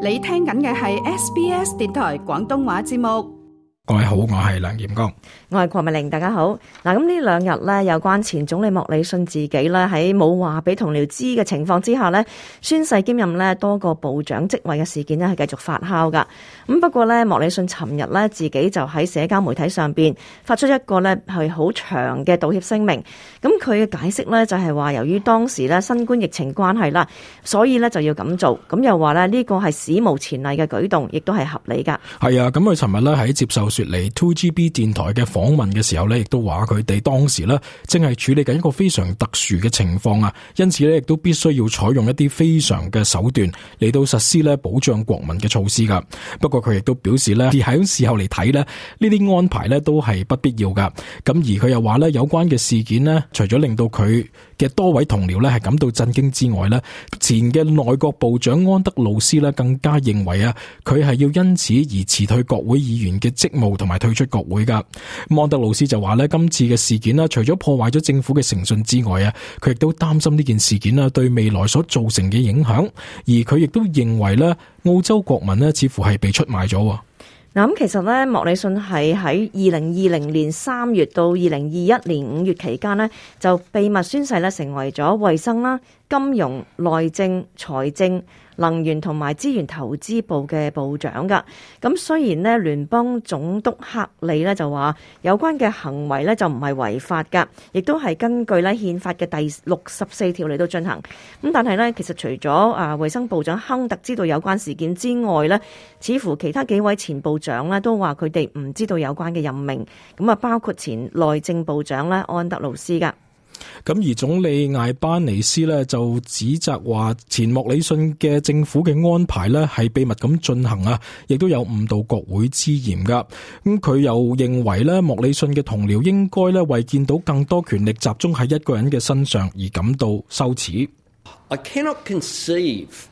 你聽緊嘅係 SBS 電台廣東話節目。各位好，我係梁劍光，我係郭文玲，大家好。嗱，咁呢兩日咧，有關前總理莫理遜自己咧，喺冇話俾同僚知嘅情況之下咧，宣誓兼任咧多個部長職位嘅事件咧，係繼續發酵噶。咁不過咧，莫理遜尋日咧自己就喺社交媒體上邊發出一個咧係好長嘅道歉聲明。咁佢嘅解釋咧就係話，由於當時咧新冠疫情關係啦，所以咧就要咁做。咁又話咧呢個係史無前例嘅舉動，亦都係合理噶。係啊，咁佢尋日咧喺接受嚟 2GB 電台嘅訪問嘅時候咧，亦都話佢哋當時咧正係處理緊一個非常特殊嘅情況啊，因此咧亦都必須要採用一啲非常嘅手段嚟到實施咧保障國民嘅措施噶。不過佢亦都表示咧，而喺事後嚟睇咧，呢啲安排咧都係不必要噶。咁而佢又話咧，有關嘅事件咧，除咗令到佢嘅多位同僚咧係感到震驚之外咧，前嘅內閣部長安德魯斯咧更加認為啊，佢係要因此而辭退國會議員嘅職務。同埋退出國會噶，安德魯斯就話咧今次嘅事件啦，除咗破壞咗政府嘅誠信之外啊，佢亦都擔心呢件事件啦對未來所造成嘅影響，而佢亦都認為咧澳洲國民咧似乎係被出賣咗。嗱，咁其實咧莫里遜係喺二零二零年三月到二零二一年五月期間呢，就秘密宣誓咧成為咗衛生啦。金融、內政、財政、能源同埋資源投資部嘅部長㗎。咁雖然呢，聯邦總督克里呢就話有關嘅行為呢就唔係違法㗎，亦都係根據呢憲法嘅第六十四條嚟到進行。咁但係呢，其實除咗啊，衞生部長亨特知道有關事件之外呢，似乎其他幾位前部長呢都話佢哋唔知道有關嘅任命。咁啊，包括前內政部長呢安德魯斯㗎。咁而總理艾班尼斯呢就指責話，前莫里遜嘅政府嘅安排呢係秘密咁進行啊，亦都有誤導國會之嫌噶。咁佢又認為呢，莫里遜嘅同僚應該呢為見到更多權力集中喺一個人嘅身上而感到羞恥。I cannot conceive.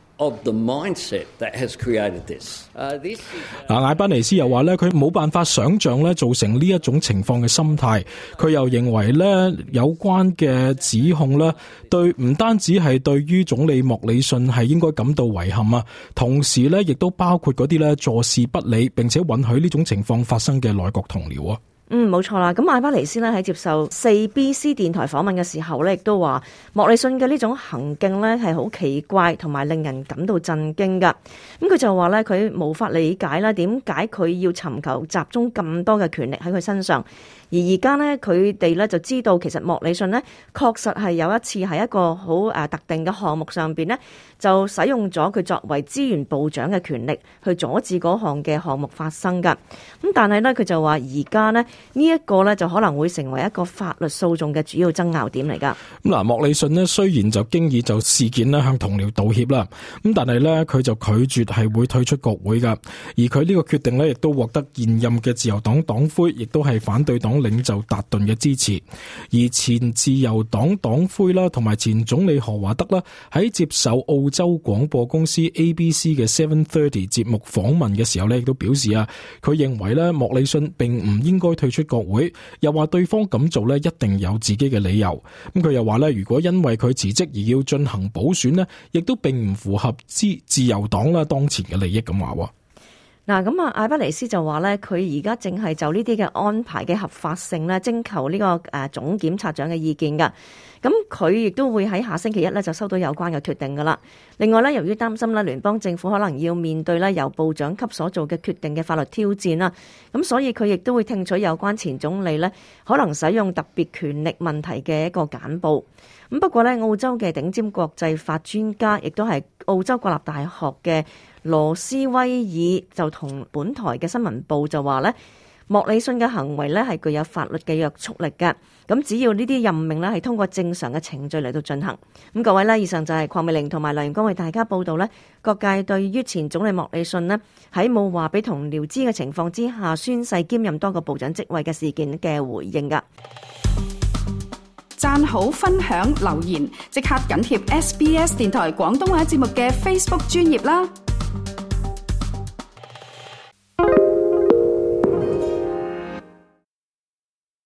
啊，艾班尼斯又話咧，佢冇辦法想象咧造成呢一種情況嘅心態。佢又認為咧，有關嘅指控咧，對唔單止係對於總理莫理遜係應該感到遺憾啊，同時咧亦都包括嗰啲咧坐視不理並且允許呢種情況發生嘅內閣同僚啊。嗯，冇錯啦。咁艾巴尼斯呢，喺接受四 BC 電台訪問嘅時候咧，亦都話莫理遜嘅呢種行徑咧係好奇怪，同埋令人感到震驚噶。咁佢就話咧，佢無法理解啦，點解佢要尋求集中咁多嘅權力喺佢身上。而而家咧，佢哋咧就知道，其實莫理遜咧確實係有一次係一個好誒特定嘅項目上邊咧，就使用咗佢作為資源部長嘅權力去阻止嗰項嘅項目發生噶。咁但係咧，佢就話而家咧呢一個咧就可能會成為一個法律訴訟嘅主要爭拗點嚟噶。咁嗱，莫理遜咧雖然就經已就事件咧向同僚道歉啦，咁但係咧佢就拒絕係會退出國會噶。而佢呢個決定咧亦都獲得現任嘅自由黨黨魁，亦都係反對黨，領袖達頓嘅支持，而前自由黨黨魁啦，同埋前總理何華德啦，喺接受澳洲廣播公司 ABC 嘅 Seven Thirty 節目訪問嘅時候咧，亦都表示啊，佢認為咧莫理遜並唔應該退出國會，又話對方咁做咧一定有自己嘅理由。咁佢又話咧，如果因為佢辭職而要進行補選咧，亦都並唔符合自自由黨啦當前嘅利益咁話。嗱咁啊，艾巴尼斯就話咧，佢而家正係就呢啲嘅安排嘅合法性咧，徵求呢個誒總檢察長嘅意見㗎。咁佢亦都會喺下星期一咧就收到有關嘅決定噶啦。另外咧，由於擔心呢聯邦政府可能要面對咧由部長級所做嘅決定嘅法律挑戰啦。咁所以佢亦都會聽取有關前總理咧可能使用特別權力問題嘅一個簡報。咁不過咧，澳洲嘅頂尖國際法專家，亦都係澳洲國立大學嘅羅斯威爾就同本台嘅新聞報就話咧，莫里遜嘅行為咧係具有法律嘅約束力嘅。咁只要呢啲任命咧係通過正常嘅程序嚟到進行。咁各位咧，以上就係鄺美玲同埋梁元光為大家報道咧，各界對於前總理莫里遜咧喺冇話俾同僚知嘅情況之下宣誓兼任多個部長職位嘅事件嘅回應噶。讚好分享留言，即刻緊貼 SBS 電台廣東話節目嘅 Facebook 專頁啦。